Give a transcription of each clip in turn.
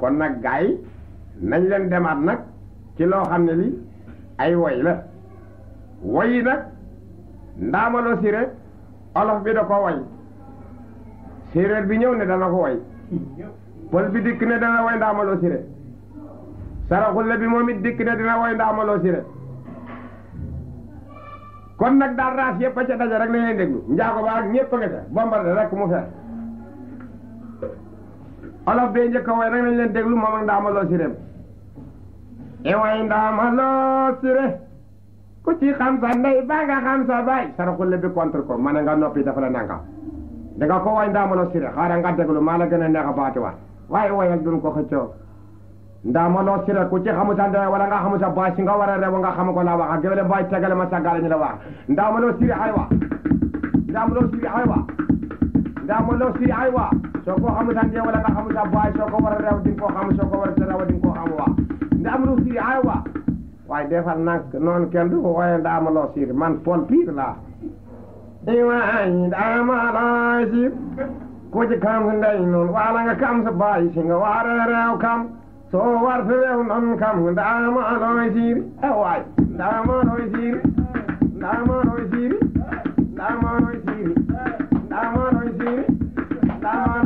kon nag gars yi nañ leen demaat nag ci loo xam ne li ay woy la woy yi nag ndaamalo séeréer olof bi da ko woy séeréer bi ñëw ne dana ko woy pël bi dikk ne dana woy ndaamaloo siré bi moom it dikk ne dina woy ndaamaloo kon nag daal raas yëpp a ca daje rek la ñuy déglu njaago ba ak ñëpp a nga ca bombardé rek mu fees olof bee njëkk way rek nañ leen déglu moom ak ndaama loo sirem e way ndaama loo sire ku ci xam sa ndey baa nga xam sa baay saraxule bi contre ko mën nga noppi dafa la nanga danga ko way ndaama loo sire xaaral nga déglu maa la gën a neex a baatiwaat waaye wayal duñ ko xëccoo ma loo sire ku ci xamu sa ndey wala nga xamu sa baay si nga war a rew nga xam ko laa wax géwél baay tegale ma sagale ñu la wax ndaama loo sire ay wa soo ko xamul tan wala nga xamul ab waaye soo ko war a rew di nga ko xam soo ko war a rew di nga ko xam waa nda am lu siir ay waa waaye defal nag noonu kenn du ko waaye nda am loo siir man pol piir laa diwaan nda am loo siir ku ci kam ndey noon wala nga kam sa baay si nga war a rew kam soo war sa rew noon kam nda am loo siir ay waay nda am loo siir nda am loo siir nda am loo siir nda am loo siir nda am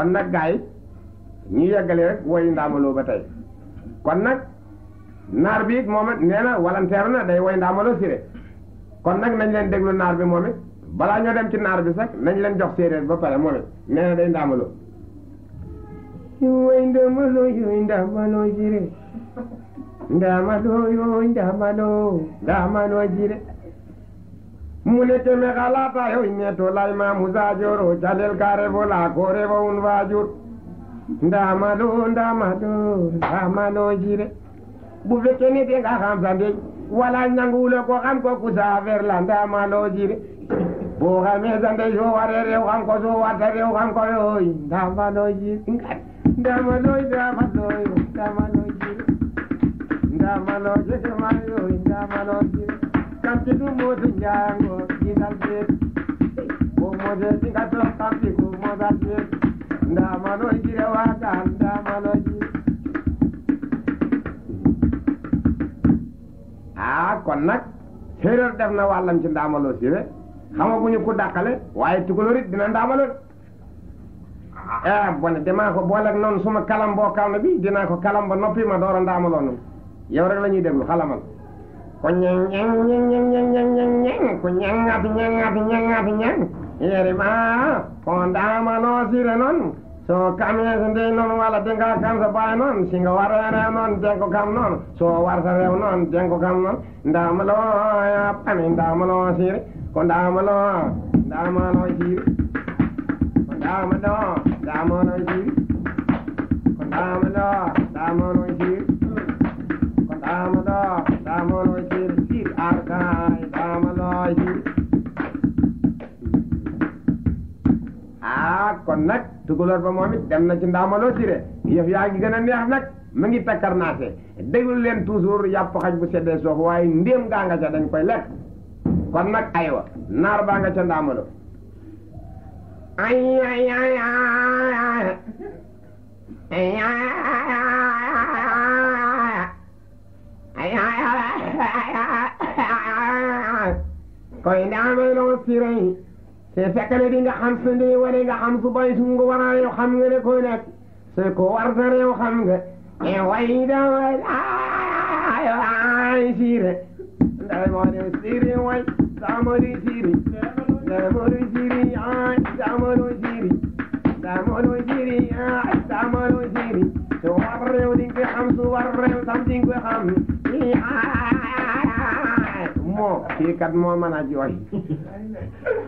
kon nag gaa yi ñu yeggale rek woy ndaamaloo ba tey kon nag naar bi it moom it nee na walanteer na day woy ndaamaloo siré kon nag nañ leen déglu naar bi moom it balaa ñoo dem ci naar bi sax nañ leen jox séeréer ba pare moom it nee na day ndaamaloo yo woy ndaamaloo yo ndaamaloo siré মুনেতে মেগালা পায় অন্য ঠোলাই মা মুজাজোর ও চালের কারে বলা করে বউন বাজুর দামালো দামালো দামালো জিরে বুবে কেনে দিয়ে গা খাম সান্দে ওয়ালা নাঙ্গুলো কাম কুসা ফেরলাম দামালো জিরে বোহামে সান্দে জোয়ারে রে ওখান কো জোয়ারে রে ওখান করে ওই দামালো জিরে দামালো দামালো দামালো জিরে দামালো জিরে মান moto jango ginal bet ko moto tinga to tampi ko moto ji ah kon nag séeréer def na wàllam ci ndaamaloo si ne xamaguñu ku dàqale waaye tukulóor it dina ndaamaloo ah bon damaa ko boole ak noonu kalam boo kaw na bi dinaa ko kalam ba noppi ma door a ndaamaloo noonu yow rek la ñuy déglu xalamal Kunyeng nyeng nyeng nyeng nyeng nyeng nyeng nyeng kunyeng api nyeng api nyeng api nyeng yeri ma on dama no sire non so kamye sende non wala denga kam so bay non singa wara re non denko kam non so warta rew non denko kam non dama lo ya pani dama lo sire ko dama lo dama lo sire ko dama lo dama lo sire ko dama lo dama lo sire ah kon nag tukulóor ba moom it dem na ci ndaamaloo ci de yaa ngi gën a neex nag mu ngi takkar naase déglu leen toujours yàpp xaj bu seddee soof waaye ndéem gaa nga ca dañ koy lekk kon nag aywa naar baa nga ca koy ndaamaloo ci rey سفكنا دينا خمس دي ولا خمس باي سونغ ورا يو خم غير كونك سكو وردر يو خم غير اي واي دا واي اي واي سير دا واي سير واي سامري سير سامري سير يا سامري سير سامري سير يا سامري سير سو ورر يو دينا خمس ورر يو سامدينغ خم مو كي كات مو مانا جوي